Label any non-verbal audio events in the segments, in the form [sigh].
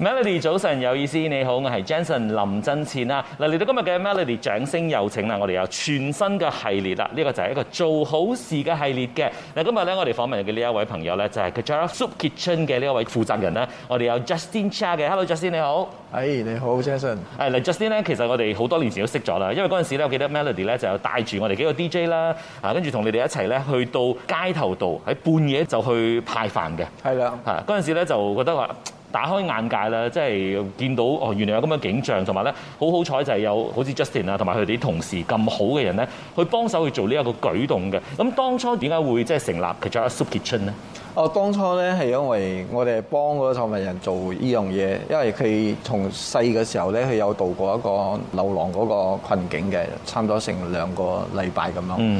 Melody 早晨有意思，你好，我係 Jason 林振倩啦。嚟到今日嘅 Melody 掌聲有請啦，我哋有全新嘅系列啦，呢、呢個就係一個做好事嘅系列嘅。嗱，今日咧我哋訪問嘅呢一位朋友咧就係 Kechara Soup Kitchen 嘅呢一位負責人啦。我哋有 Justin Cheah 嘅，Hello Justin 你好，哎、hey，你好 Jason。誒嚟 Justin 咧，其實我哋好多年前都識咗啦，因為嗰陣時咧，我記得 Melody 咧就有帶住我哋幾個 DJ 啦，啊跟住同你哋一齊咧去到街頭度喺半夜就去派飯嘅，係啦的，啊嗰陣時咧就覺得話，打開眼界啦，即係見到哦，原來有咁樣的景象，同埋咧好好彩就係有好似 Justin 啊，同埋佢哋啲同事咁好嘅人咧，去幫手去做呢一個舉動嘅。咁當初點解會即係成立佢哋嘅 Soup Kitchen 咧？我當初咧係因為我哋幫嗰個創辦人做依樣嘢，因為佢從細嘅時候咧，佢有度過一個流浪嗰個困境嘅，差唔多成兩個禮拜咁樣。咁、嗯、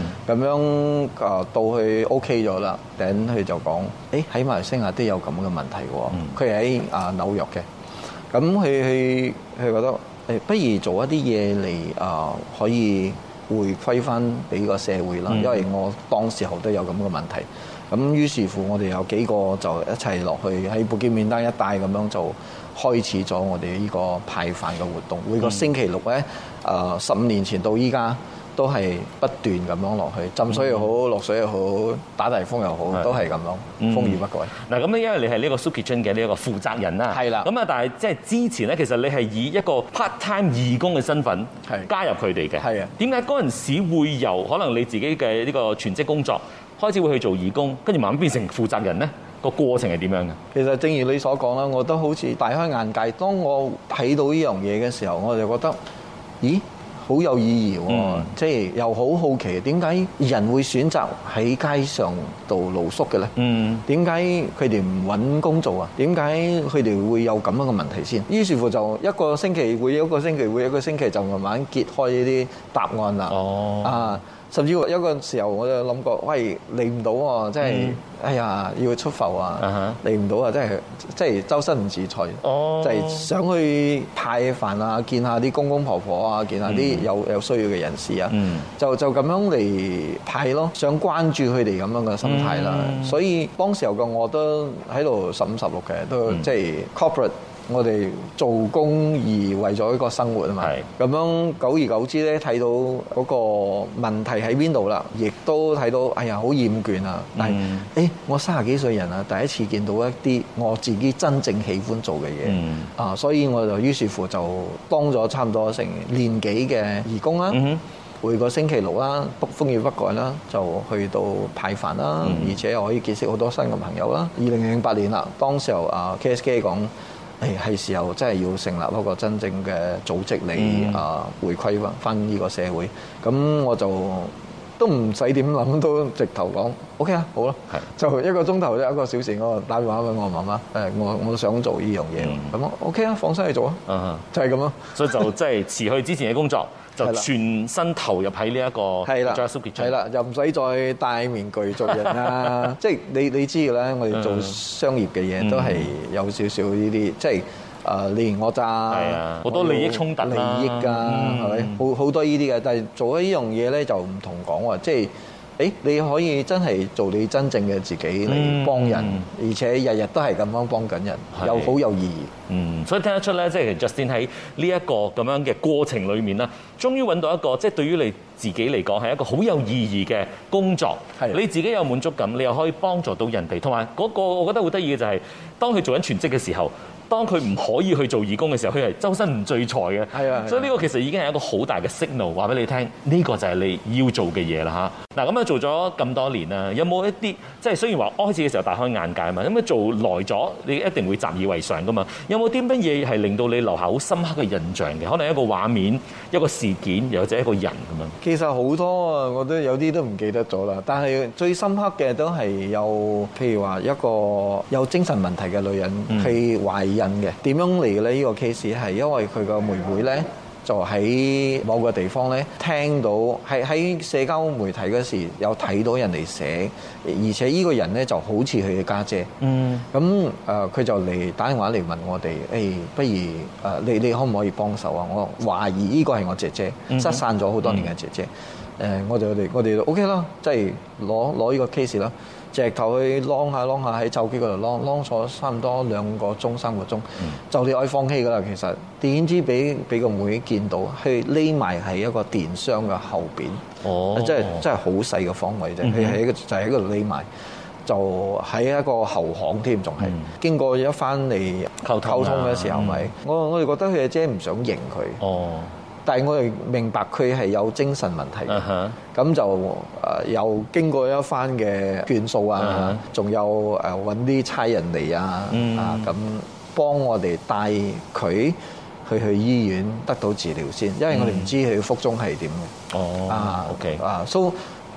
樣啊，到佢 OK 咗啦，頂佢就講，誒喺馬來西亞都有咁嘅問題喎。佢喺啊紐約嘅，咁佢佢佢覺得誒，不如做一啲嘢嚟啊，可以回饋翻俾個社會啦。因為我當時候都有咁嘅問題。咁於是乎，我哋有幾個就一齊落去喺北京面單一帶咁樣，就開始咗我哋呢個派飯嘅活動。每個星期六咧，誒十五年前到依家都係不斷咁樣落去，浸水又好，落水又好，打大風又好，都係咁樣是的、嗯、風雨不改。嗱，咁咧因為你係呢個 Soup Kitchen 嘅呢一個負責人啦，係啦。咁啊，但係即係之前咧，其實你係以一個 part time 義工嘅身份加入佢哋嘅。係啊。點解嗰陣時會有可能你自己嘅呢個全職工作開始會去做義工，跟住慢慢變成負責人。呢個過程係點樣嘅？其實正如你所講啦，我都好似大開眼界。當我睇到呢樣嘢嘅時候，我就覺得，咦，好有意義喎！即係又好好奇，點解人會選擇喺街上度露宿嘅呢？嗯。點解佢哋唔揾工做啊？點解佢哋會有咁樣嘅問題先？於是乎就一個星期會一個星期會一個星期就慢慢揭開呢啲答案啦。哦，啊。甚至有個時候，我就諗過，喂，嚟唔到喎，即係哎呀，要去出埠啊，嚟唔到啊，即係即係周身唔自在，就係想去派飯啊，見下啲公公婆婆啊，見下啲有有需要嘅人士啊，就就咁樣嚟派咯，想關注佢哋咁樣嘅心態啦。所以當時候嘅我都喺度十五十六嘅，都即係 corporate。我哋做工而為咗一個生活啊嘛，咁樣久而久之咧，睇到嗰個問題喺邊度啦，亦都睇到哎呀好厭倦啊！但係、嗯欸、我我三十幾歲人啊，第一次見到一啲我自己真正喜歡做嘅嘢啊，所以我就於是乎就當咗差唔多成年幾嘅義工啦，每、嗯、個星期六啦，風雨不改啦，就去到派飯啦，嗯、而且可以結識好多新嘅朋友啦。二零零八年啦，當時候啊，KSK 講。係，時候，真係要成立一個真正嘅組織嚟啊，回饋翻呢個社會，咁我就。都唔使點諗，都直頭講 OK 啊，好啦，好是的 就一個鐘頭一個，小時我打電話俾我媽媽。我我想做呢樣嘢，咁 OK 啊，放心去做啊，嗯、哼 就係咁咯。所以就即係、就是、 [laughs] 辭去之前嘅工作，就全身投入喺呢一個對了 了。係啦，又唔使再戴面具做人啦。即係、 [laughs] 就是、你你知啦，我哋做商業嘅嘢都係有少少呢啲，即係。誒，你贏我賺，好多的利益衝突啦，係咪？好好多呢啲嘅，但係做咗呢樣嘢咧，就唔同講，即係你可以真係做你真正嘅自己嚟幫人，嗯、而且日日都係咁樣幫緊人，又好的有意義。嗯，所以聽得出咧，即係其實先喺呢一個咁樣嘅過程裏面啦，終於揾到一個即係、就是、對於你自己嚟講係一個好有意義嘅工作。是的 你自己有滿足感，你又可以幫助到人哋，同埋嗰個我覺得好得意嘅就係、是、當佢做緊全職嘅時候。當佢唔可以去做義工嘅時候，佢係周身唔聚財嘅，所以呢個其實已經係一個好大嘅 signal。話俾你聽，呢個就係你要做嘅嘢啦嚇。嗱咁啊，咁樣做咗咁多年啦，有冇一啲即係雖然話開始嘅時候大開眼界嘛，咁啊做耐咗，你一定會習以為常噶嘛。有冇啲乜嘢係令到你留下好深刻嘅印象嘅？可能一個畫面、一個事件，又或者一個人咁樣。其實好多啊，我都有啲都唔記得咗啦，但係最深刻嘅都係有，譬如話一個有精神問題嘅女人係、嗯、懷孕。點樣嚟嘅呢？呢個 case 係因為佢個妹妹呢，就喺某個地方呢，聽到喺喺社交媒體嗰時候有睇到人哋寫，而且呢個人呢，就好似佢嘅家姐。嗯，咁誒佢就嚟打電話嚟問我哋，誒不如誒你你，你可唔可以幫手啊？我懷疑呢個係我姐姐失散咗好多年嘅姐姐。誒，我哋我哋我哋 O K 啦，即係攞攞呢個 case 啦。直頭去擼下擼下喺手機嗰度擼擼咗差唔多兩個鐘三個鐘，嗯、就你愛放棄噶啦。其實點知俾俾個妹見到，佢匿埋喺一個電箱嘅後邊，哦，即係即係好細嘅方位啫。佢喺就喺嗰度匿埋，就喺、是，一個後巷添，仲係經過咗翻嚟溝通嘅時候咪，嗯、我我哋覺得佢阿姐唔想認佢。哦但係我哋明白佢係有精神問題嘅，咁就誒又經過一番嘅勸訴啊，仲有搵啲差人嚟啊，啊咁幫我哋帶佢去去醫院得到治療先，因為我哋唔知佢腹中係點嘅。哦，OK 啊，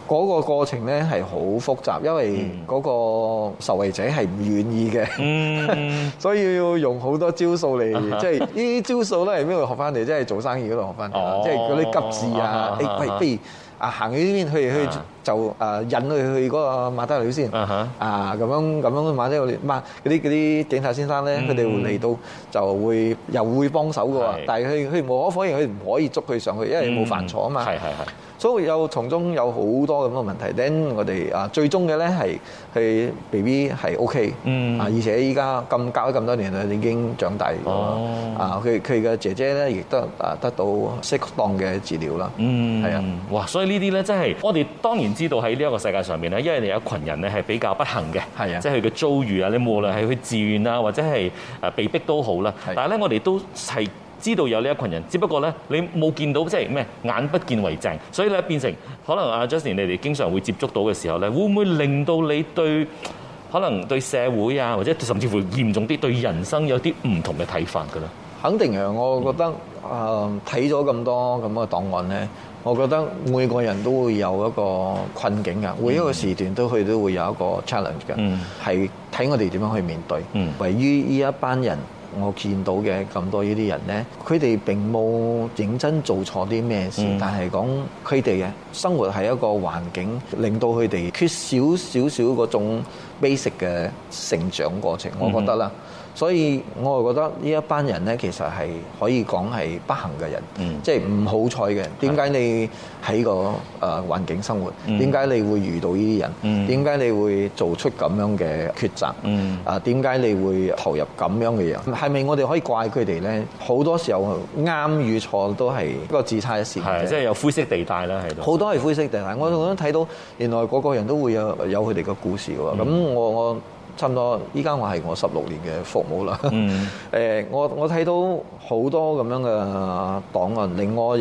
嗰個過程咧係好複雜，因為嗰個受惠者係唔願意嘅，所以要用好多招數嚟，即係呢啲招數咧係邊度學翻嚟？即係做生意嗰度學翻嚟，即係嗰啲急事啊！哎，不如。B 啊，行呢邊去就引去就啊，引佢去個馬德里先啊，咁、uh huh、樣咁樣馬德里馬啲啲警察先生咧，佢哋會嚟到就會又會幫手噶喎。係但係佢佢無可否認佢唔可以捉佢上去，因為冇犯錯啊嘛、嗯。係係係，所以有從中有好多咁嘅問題，Then 我哋啊，最終嘅咧係佢 B B 係 O K，啊，嗯、而且依家咁教咗咁多年啦，已經長大啊。佢佢嘅姐姐咧亦都啊得到適當嘅治療啦。嗯，係啊，哇，所以。呢啲咧，真係我哋當然知道喺呢一個世界上面咧，因為你有一群人咧係比較不幸嘅，係啊，即係佢嘅遭遇啊。你無論係去自願啊，或者係誒被逼都好啦。係啊。但係咧，我哋都係知道有呢一群人，只不過咧，你冇見到，即係咩眼不見為淨。所以咧，變成可能阿 Justin，你哋經常會接觸到嘅時候咧，會唔會令到你對可能對社會啊，或者甚至乎嚴重啲對人生有啲唔同嘅睇法㗎咧？肯定嘅，我覺得誒睇咗咁多咁嘅檔案咧。我覺得每個人都會有一個困境㗎，每一個時段都佢都會有一個 challenge 㗎，係睇我哋點樣去面對。位、嗯、於呢一班人，我見到嘅咁多呢啲人呢，佢哋並冇認真做錯啲咩事，嗯、但係講佢哋嘅生活係一個環境，令到佢哋缺少少少嗰種 basic 嘅成長過程，我覺得啦，所以我係覺得呢一班人咧，其實係可以講係不幸嘅人，即係唔好彩嘅。點解你喺個誒環境生活？點解、嗯、你會遇到呢啲人？點解、嗯、你會做出咁樣嘅抉擇？啊、嗯，點解你會投入咁樣嘅人？係咪我哋可以怪佢哋咧？好多時候啱與錯都係個只差一線，即係有灰色地帶啦喺度。好多係灰色地帶，嗯、我覺得睇到原來個個人都會有有佢哋嘅故事喎。咁、嗯我我差唔多依家我係我十六年嘅服務啦。誒，我我睇到好多咁樣嘅檔案，令我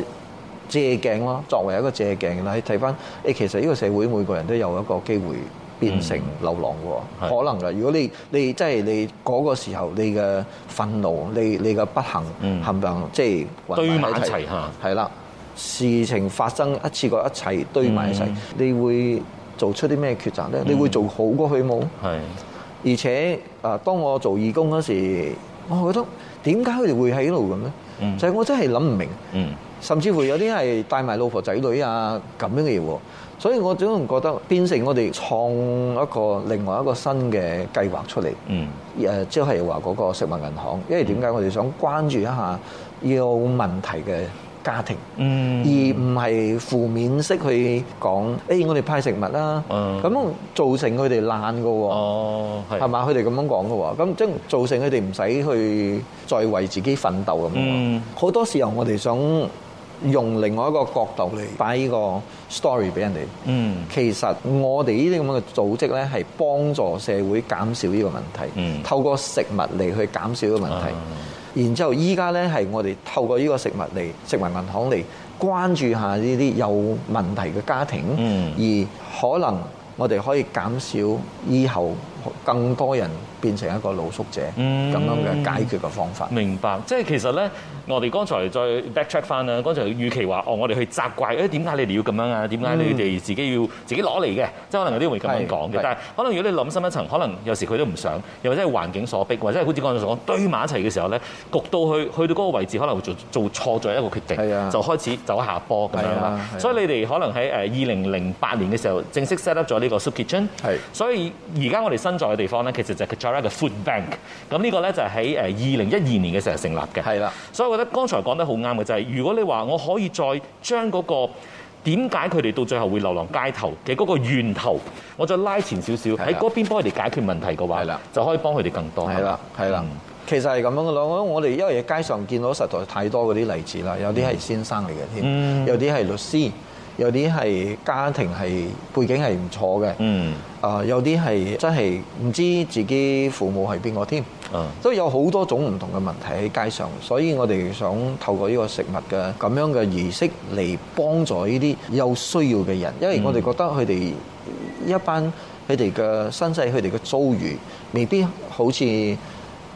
借鏡咯。作為一個借鏡啦，睇翻誒，其實呢個社會每個人都有一個機會變成流浪嘅，可能啦，如果你你即係你嗰、就是、個時候，你嘅憤怒、你你嘅不幸就是，冚唪唥即係，堆埋一齊，嚇。係啦，事情發生一次過，對一齊堆埋一齊，你會。做出啲咩抉擇咧？你會做好過去冇？是的 而且啊，當我做義工嗰時，我覺得點解佢哋會喺度咁咧？嗯、就係我真係諗唔明。甚至乎有啲係帶埋老婆仔女啊咁樣嘅嘢喎，所以我總能覺得變成我哋創一個另外一個新嘅計劃出嚟。誒，即係話嗰個食物銀行，因為點解我哋想關注一下要問題嘅。家庭，而唔係負面式去講，誒，我哋派食物啦，咁造成佢哋懶嘅喎，係嘛、哦？佢哋咁樣講嘅喎，咁即造成佢哋唔使去再為自己奮鬥咁喎。好多時候我哋想用另外一個角度嚟擺呢個 story 俾人哋。其實我哋呢啲咁嘅組織咧，係幫助社會減少呢個問題，透過食物嚟去減少個問題。然之後，依家呢係我哋透過呢個食物嚟食物銀行嚟關注下呢啲有問題嘅家庭，而可能我哋可以減少以後。更多人變成一個露宿者，咁樣嘅解決嘅方法，嗯。明白，即係其實咧，我哋剛才再 backtrack 翻啦，剛才與其話哦，我哋去責怪，誒點解你哋要咁樣啊？點解你哋自己要自己攞嚟嘅？即係可能有啲會咁樣講嘅，是是但係可能如果你諗深一層，可能有時佢都唔想，又或者係環境所逼，或者係好似剛才所講堆埋一齊嘅時候咧，焗到去去到嗰個位置，可能會做做錯咗一個決定，的就開始走下坡咁樣啦。所以你哋可能喺誒二零零八年嘅時候正式 set up 咗呢個 Soup Kitchen，的所以而家我哋新在嘅地方咧，其實就係再一個 food bank。咁呢個咧就係喺誒二零一二年嘅時候成立嘅。係啦，所以我覺得剛才講得好啱嘅就係、是，如果你話我可以再將嗰個點解佢哋到最後會流浪街頭嘅嗰個源頭，我再拉前少少喺嗰邊幫佢哋解決問題嘅話，係啦，就可以幫佢哋更多。係啦，係啦，其實係咁樣嘅咯。我哋因為喺街上見到實在太多嗰啲例子啦，有啲係先生嚟嘅添，有啲係律師。嗯有啲係家庭係背景係唔錯嘅，嗯些是，啊有啲係真係唔知自己父母係邊個添，嗯，都有好多種唔同嘅問題喺街上，所以我哋想透過呢個食物嘅咁樣嘅儀式嚟幫助呢啲有需要嘅人，因為我哋覺得佢哋一班佢哋嘅身世，佢哋嘅遭遇未必好似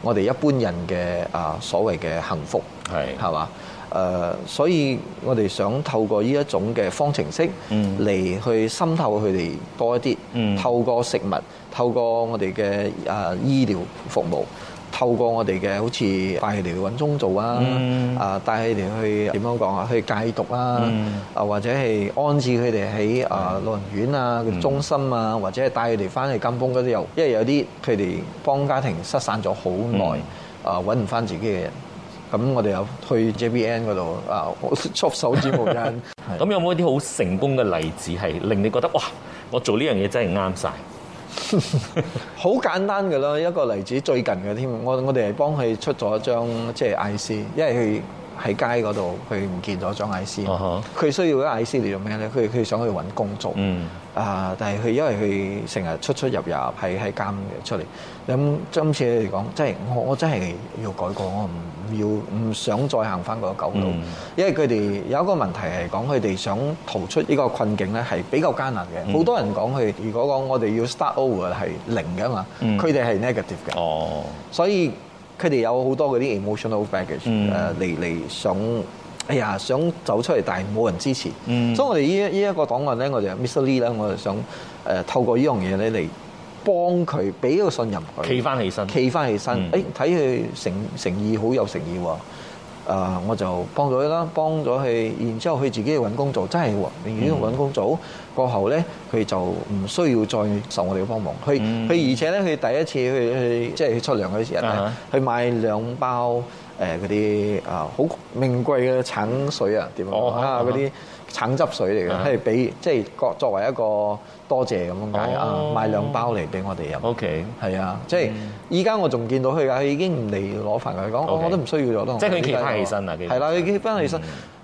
我哋一般人嘅啊所謂嘅幸福，係係嘛？誒，所以我哋想透過呢一種嘅方程式嚟去滲透佢哋多一啲，透過食物，透過我哋嘅誒醫療服務，透過我哋嘅好似帶佢哋去揾工做啊，啊帶佢哋去點樣講啊，去戒毒啊，啊或者係安置佢哋喺誒老人院啊、中心啊，或者係帶佢哋翻去甘榜嗰啲，又因為有啲佢哋幫家庭失散咗好耐，啊揾唔翻自己嘅人。咁我哋有去 JBN 嗰度，啊，屈手指無間咁有冇一啲好成功嘅例子係令你覺得哇，我做呢樣嘢真係啱晒？好 [laughs] 簡單㗎啦，一個例子最近嘅添，我我哋係幫佢出咗張即係 IC，因為佢喺街嗰度佢唔見咗張 IC，佢、uh huh. 需要啲 IC 嚟做咩咧？佢佢想去揾工作。嗯啊！但係佢因為佢成日出出入入，係喺監嘅出嚟。咁今次嚟講，即係我我真係要改過，我唔要唔想再行翻嗰個舊路。因為佢哋有一個問題係講，佢哋想逃出呢個困境咧，係比較艱難嘅。好多人講佢如果講我哋要 start over 係零嘅嘛，佢哋係、嗯、negative 嘅。哦，所以佢哋有好多嗰啲 emotional baggage 誒嚟嚟想。哎呀，想走出嚟，但係冇人支持。嗯，所以我哋呢一個檔案咧，我就 Miss Lee 咧，我就想誒透過呢樣嘢咧嚟幫佢，俾一個信任佢，企翻起身，企翻起身。誒，睇佢誠誠意，好有誠意喎。誒，我就幫咗佢啦，幫咗佢，然之後佢自己去揾工做，真係喎，寧願揾工做。過後咧，佢就唔需要再受我哋嘅幫忙。佢佢而且咧，佢第一次去去即係出糧嗰時咧，去買兩包誒嗰啲啊好名貴嘅橙水啊，點講啊嗰啲橙汁水嚟嘅，係俾即係作作為一個多謝咁樣解啊，買兩包嚟俾我哋飲。O K，係啊，即係依家我仲見到佢啊，佢已經唔嚟攞飯㗎。佢講：，我都不我都唔需要咗咯。即係佢返起身啦，係啦，佢起身。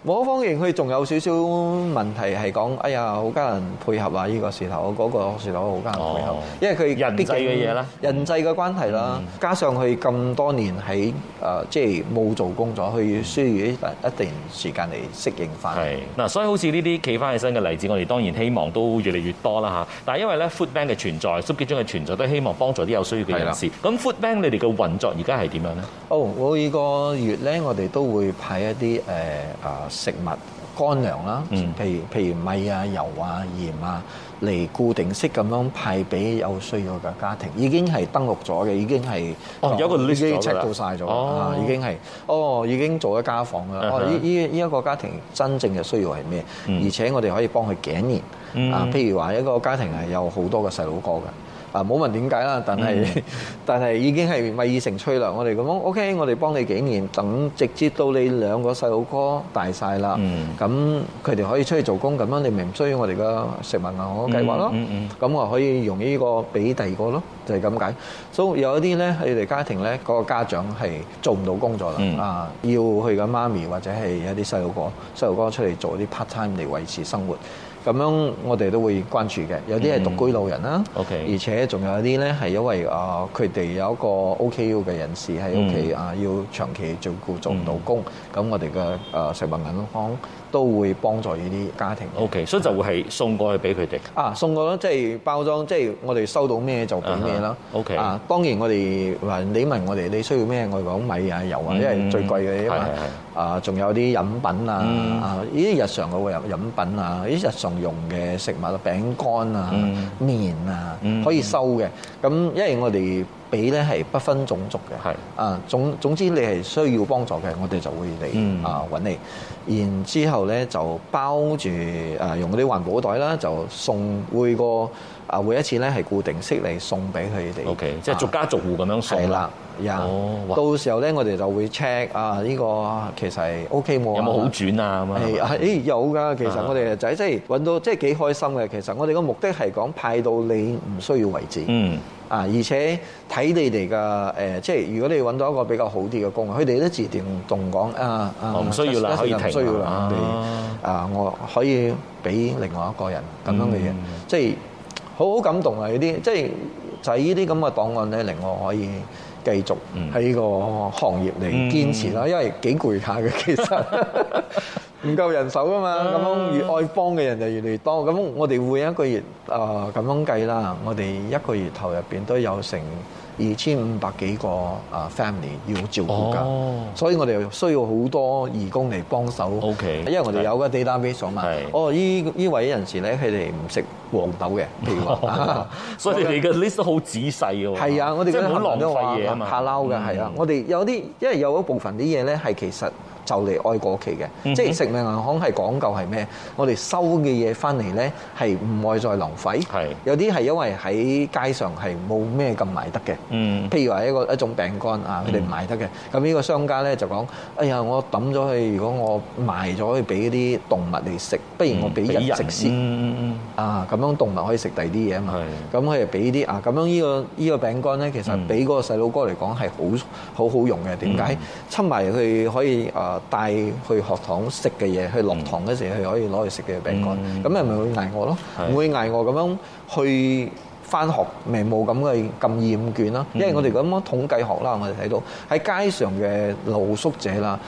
某方面佢仲有少少問題係講，哎呀好艱難配合啊！呢個事頭，嗰個事頭好艱難配合，因為佢人際嘅嘢啦，人際嘅關係啦，加上佢咁多年喺誒即係冇做工作，佢需要一一段時間嚟適應翻。嗱，所以好似呢啲企翻起身嘅例子，我哋當然希望都越嚟越多啦嚇。但係因為咧 food bank 嘅存在 Soup Kitchen 嘅存在，都希望幫助啲有需要嘅人士。咁 food bank 你哋嘅運作而家係點樣咧？哦，每個月咧，我哋都會派一啲誒啊。呃食物乾糧啦，譬如譬如米啊、油啊、鹽啊，嚟固定式咁樣派俾有需要嘅家庭已，已經係登錄咗嘅，一已經係有個已經 check 到曬咗，已經係哦，已經做咗家訪啦，哦，呢呢呢一個家庭真正嘅需要係咩？而且我哋可以幫佢嘅年啊，譬如話一個家庭係有好多個細佬哥嘅。啊！冇問點解啦，但係但係已經係蜜意成催啦。我哋咁講，OK，我哋幫你幾年，等直接到你兩個細路哥大晒啦。咁佢哋可以出去做工，咁樣你咪唔需要我哋嘅食物銀行計劃咯。咁我可以用呢個俾第二個咯，就係咁解。所以有一啲咧，你哋家庭咧，嗰個家長係做唔到工作啦。啊，要去緊媽咪或者係一啲細路哥細路哥出嚟做啲 part time 嚟維持生活。咁樣我哋都會關注嘅，有啲係獨居老人啦，嗯、而且仲有啲咧係因為啊，佢、呃、哋有一個 OKU、OK、嘅人士喺屋企啊，要長期照顧做唔到工，咁、嗯、我哋嘅食物銀行。都會幫助呢啲家庭。O K，所以就會係送過去俾佢哋。啊，送過啦，即係包裝，即係我哋收到咩就俾咩啦。O K，啊，當然我哋話你問我哋你需要咩，我講米啊、油啊，因為最貴嘅嘛。係係係。啊，仲有啲飲品啊，呢啲日常嘅會有飲品啊，呢啲日常用嘅食物啊，餅乾啊、麵啊，可以收嘅。咁因為我哋。俾咧係不分種族嘅，啊總總之你係需要幫助嘅，我哋就會嚟啊揾你，然之後咧就包住啊用嗰啲環保袋啦，就送每個啊每一次咧係固定式嚟送俾佢哋，OK，即係逐家逐戶咁樣送啦。對哦、到時候咧，我哋就會 check 啊，呢、呢個其實 OK 冇，有冇好轉啊咁樣？係係、欸、有噶，其實我哋就係即係揾到，即係幾開心嘅。其實我哋個目的係講派到你唔需要為止，嗯啊，而且睇你哋嘅誒，即係如果你揾到一個比較好啲嘅工，佢哋都自動同講啊我唔、啊、需要啦，可以停，唔需要啦，我你啊，我可以俾另外一個人咁樣嘅，嘢、嗯，即係好好感動啊！呢啲即係。就呢啲咁嘅檔案咧，令我可以繼續喺呢個行業嚟堅持啦，因為幾攰下嘅其實。 [laughs] 唔夠人手啊嘛，咁樣越愛幫嘅人就越嚟越多。咁我哋會一個月啊咁樣計啦，我哋一個月頭入邊都有成二千五百幾個啊 family 要照顧㗎，所以我哋需要好多義工嚟幫手。因為我哋有個 database 㗎嘛。哦，依依位人士咧，佢哋唔食黃豆嘅，譬如話， [laughs] 所以你嘅 list 好仔細㗎喎。係啊，我哋即係冇浪費嘅嘢啊。下撈㗎，係啊，我哋有啲，因為有一部分啲嘢咧係其實。就嚟過期嘅，即係食物銀行係講究係咩？我哋收嘅嘢翻嚟咧係唔會再浪費，係有啲係因為喺街上係冇咩咁賣得嘅，嗯，譬如話一個一種餅乾啊，佢哋唔賣得嘅，咁呢個商家咧就講：哎呀，我抌咗佢，如果我賣咗佢俾啲動物嚟食，不如我俾人食先，嗯嗯嗯，啊咁樣動物可以食第二啲嘢啊嘛，係，咁佢就俾啲啊咁樣呢個呢個餅乾咧，其實俾嗰個細佬哥嚟講係好好好用嘅，點解？摻埋佢可以啊？帶去學堂食嘅嘢，去落堂嗰時佢可以攞去食嘅餅乾，咁咪咪會捱餓咯，唔會捱餓咁樣去翻學，咪冇咁嘅咁厭倦啦。因為我哋咁樣統計學啦，我哋睇到喺街上嘅露宿者啦，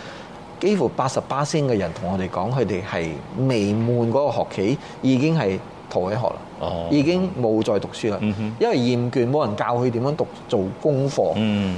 幾乎八十八巴仙嘅人同我哋講，佢哋係未滿嗰個學期已經係。逃起學啦，已經冇再讀書啦，因為厭倦冇人教佢點樣讀做功課。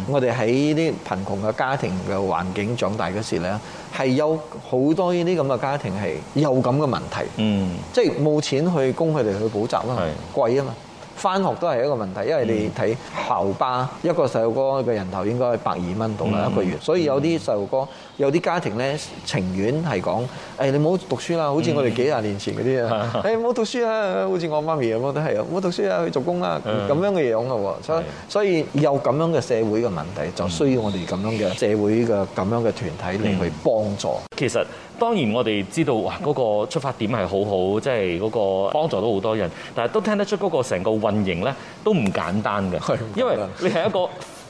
我哋喺啲貧窮嘅家庭嘅環境長大嘅時咧，係有好多呢啲咁嘅家庭係有咁嘅問題，嗯、即係冇錢去供佢哋去補習啦，貴啊是的 嘛！返學都係一個問題，因為你睇校巴一個細路哥嘅人頭應該百二蚊到啦，一個月，嗯嗯、所以有啲細路哥有啲家庭咧情願係講誒你唔好讀書啦，好似我哋幾廿年前嗰啲啊，誒唔好讀書啦，好似我媽咪咁都係啊，唔好讀書啦，去做工啦咁、嗯、樣嘅樣咯。對 所以有咁樣嘅社會嘅問題，就需要我哋咁樣嘅社會嘅咁樣嘅團體嚟去、嗯、幫助。其實當然，我哋知道嗰個出發點係好好，即係嗰個幫助到好多人。但係都聽得出嗰個成個運營咧都唔簡單嘅，的因為你係一個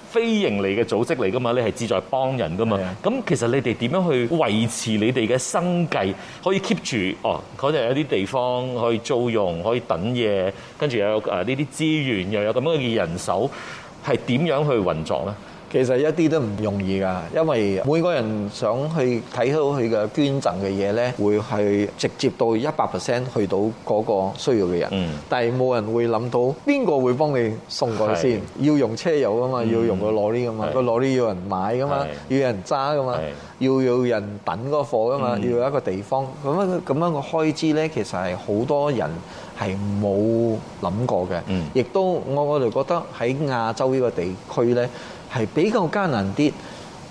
非營利嘅組織嚟㗎嘛，你係志在幫人㗎嘛。咁的其實你哋點樣去維持你哋嘅生計，可以 keep 住哦？嗰度有啲地方可以租用，可以等嘢，跟住有誒呢啲資源，又有咁樣嘅人手，係點樣去運作呢？其實一啲都唔容易噶，因為每個人想去睇到佢嘅捐贈嘅嘢咧，會係直接到一百 percent 去到嗰個需要嘅人。嗯，但係冇人會諗到邊個會幫你送過去先？是的 要用車油啊嘛，嗯、要用個攞呢啊嘛，個攞呢要有人買噶嘛，要有人揸噶嘛，要有人等個貨噶嘛，嗯、要有一個地方咁樣，咁樣個開支咧，其實係好多人係冇諗過嘅。嗯，亦都我我哋覺得喺亞洲呢個地區咧。係比較艱難啲，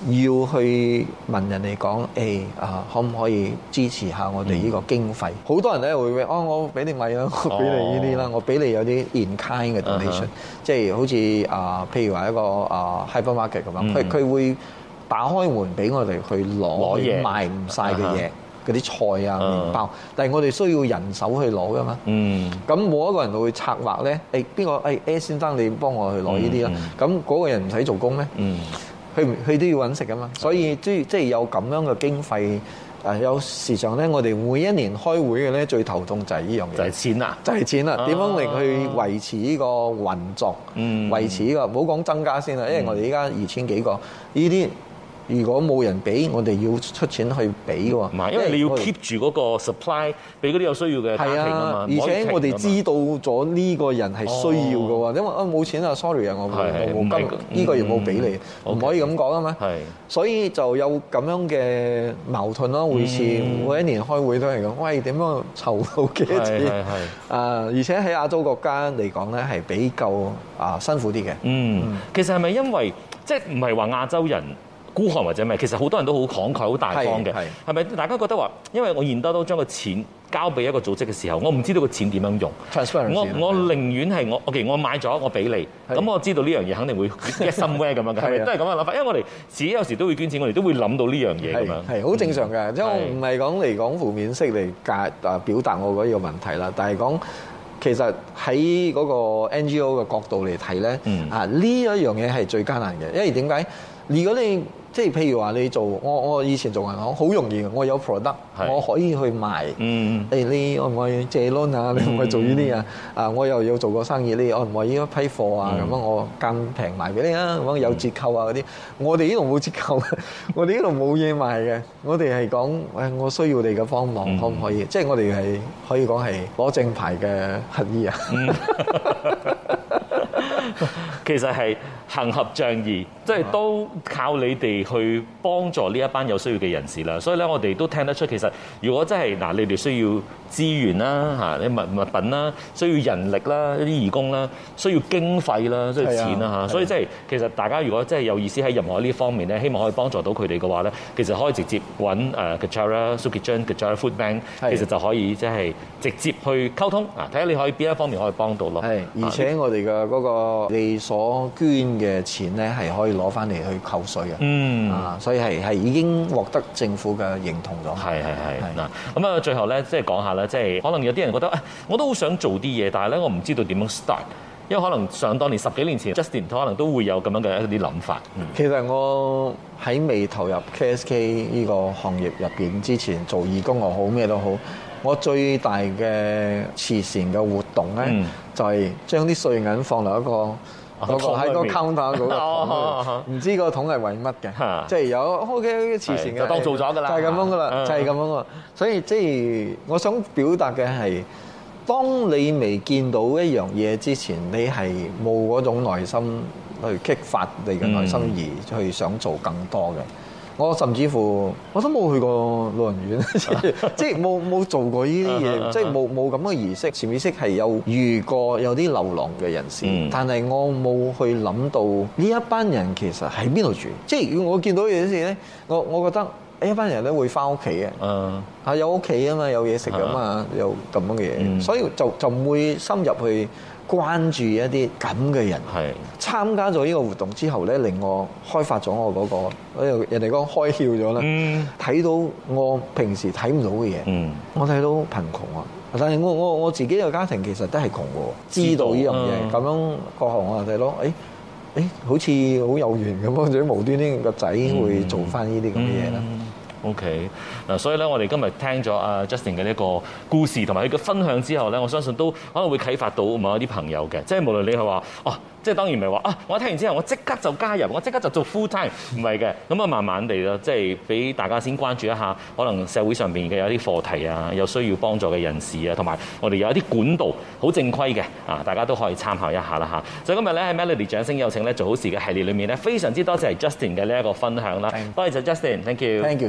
要去問人哋講，誒啊，可唔可以支持下我哋呢個經費？好多人都會，哦，我俾你米啦，我俾你呢啲啦，我俾你有啲 in kind 嘅 donation，即係好似啊，譬如話一個啊 hypermarket 咁樣，佢佢會打開門俾我哋去攞嘢賣唔晒嘅嘢，嗰啲菜啊、麵包，但係我哋需要人手去攞噶嘛。咁冇一個人會策劃咧，誒邊個？誒、哎、先生，你幫我去攞呢啲啦。咁嗰個人唔使做工咩？佢佢都要搵食噶嘛。所以即係即係有咁樣嘅經費。有時常咧，我哋每一年開會嘅咧，最頭痛就係呢樣嘢。就係錢啊！就係錢啊！點樣嚟去維持呢個運作？維持，唔好講增加先啦，因為我哋而家二千幾個呢啲。如果冇人俾，我哋要出錢去俾嘅喎。唔係，因為你要 keep 住嗰個 supply，俾嗰啲有需要嘅家庭啊，而且我哋知道咗呢個人係需要嘅喎，因為啊冇錢啊，sorry 啊，我冇金，呢、嗯、個月冇俾你，唔、嗯、可以咁講啊嘛。係，所以就有咁樣嘅矛盾咯。每次每一年開會都係咁，喂，點樣籌到幾多錢？係啊，而且喺亞洲國家嚟講咧，係比較啊辛苦啲嘅。嗯，其實係咪因為即係唔係話亞洲人？孤寒或者咩？其實好多人都好慷慨、好大方嘅，係咪？是是大家覺得話，因為我現多多將個錢交俾一個組織嘅時候，我唔知道個錢點樣用。Transparency，我我寧願係我，我其實是的、okay，我買咗，我俾你，咁是的 我知道呢樣嘢肯定會一心 wear 咁樣嘅，係咪 [laughs] 是的？都係咁嘅諗法，因為我哋自己有時都會捐錢，我哋都會諗到呢樣嘢咁樣，係好正常嘅。即、嗯、我唔係講嚟講負面式嚟表達我嗰個問題啦，是的 但係講其實喺嗰個 NGO 嘅角度嚟睇咧，嗯、啊呢一樣嘢係最艱難嘅，因為點解如果你即係譬如話你做我我以前做銀行好容易我有 product，是、嗯、我可以去賣。嗯，誒你可唔可以借 loan 啊？你唔可以做呢啲啊？啊，嗯、我又要做過生意，你可唔可以呢一批貨啊？咁樣、嗯、我更平賣俾你啊！咁有折扣啊嗰啲，嗯、我哋呢度冇折扣，我哋呢度冇嘢賣嘅，我哋係講我需要你嘅幫忙，可唔可以？即係、嗯、我哋係可以講係攞正牌嘅乞衣啊！嗯 [laughs] 其實係行俠仗義，即係都靠你哋去幫助呢一班有需要嘅人士啦。所以咧，我哋都聽得出，其實如果真係嗱，你哋需要資源啦、嚇啲物物品啦、需要人力啦、一啲義工啦、需要經費啦、需要錢啦嚇。所以即係其實大家如果真係有意思喺任何呢方面咧，希望可以幫助到佢哋嘅話咧，其實可以直接揾誒 Kechara Soup Kitchen、Kechara Food Bank，的其實就可以即係直接去溝通啊，睇下你可以邊一方面可以幫到咯。係，而且我哋嘅嗰個你所。我捐嘅錢咧，係可以攞翻嚟去扣稅嘅，啊、嗯，所以係係已經獲得政府嘅認同咗。係係係嗱，咁啊是，是最後咧，即係講下啦。即係可能有啲人覺得，哎、我都好想做啲嘢，但係咧，我唔知道點樣 start，因為可能上當年十幾年前，Justin 可能都會有咁樣嘅一啲諗法。嗯、其實我喺未投入 KSK 呢個行業入邊之前，做義工又好咩都好，我最大嘅慈善嘅活動咧，嗯、就係將啲碎銀放落一個。我喺個溝桶度，唔知個桶係為乜嘅， [laughs] 即係有 OK，慈善嘅當做咗噶啦，就係咁樣噶啦，就係咁樣啊！所以即係我想表達嘅係，當你未見到一樣嘢之前，你係冇嗰種耐心去激發你嘅內心而去想做更多嘅。我甚至乎我都冇去過老人院， [laughs] 即係冇冇做過呢啲嘢， [laughs] 即係冇冇咁嘅儀式，潛意識係有遇過有啲流浪嘅人士，嗯、但係我冇去諗到呢一班人其實喺邊度住。即係如果我見到嘢先咧，我我覺得呢一班人咧會返屋企嘅，啊、嗯、有屋企啊嘛，有嘢食啊嘛，有咁樣嘅嘢，嗯、所以就就唔會深入去。關注一啲咁嘅人，參加咗呢個活動之後咧，令我開發咗我嗰個，人哋講開竅咗啦。睇到我平時睇唔到嘅嘢，我睇到貧窮啊！但係我我我自己個家庭其實都係窮嘅，知道呢樣嘢咁樣各行我就睇到咯，誒誒，好似好有緣咁樣，無端端個仔會做翻呢啲咁嘅嘢啦。O.K. 嗱，所以咧，我哋今日聽咗阿 Justin 嘅呢個故事同埋佢嘅分享之後咧，我相信都可能會啟發到某一啲朋友嘅。即係無論你係話哦，即係當然唔係話啊，我聽完之後我即刻就加入，我即刻就做 full time，唔係嘅。咁啊，就慢慢地咯，即係俾大家先關注一下，可能社會上面嘅有啲課題啊，有需要幫助嘅人士啊，同埋我哋有一啲管道好正規嘅啊，大家都可以參考一下啦嚇。所以今日咧，喺 Melody 掌聲有請咧做好事嘅系列裏面咧，非常之多謝 Justin 嘅呢一個分享啦。多謝 Justin，Thank you，Thank you，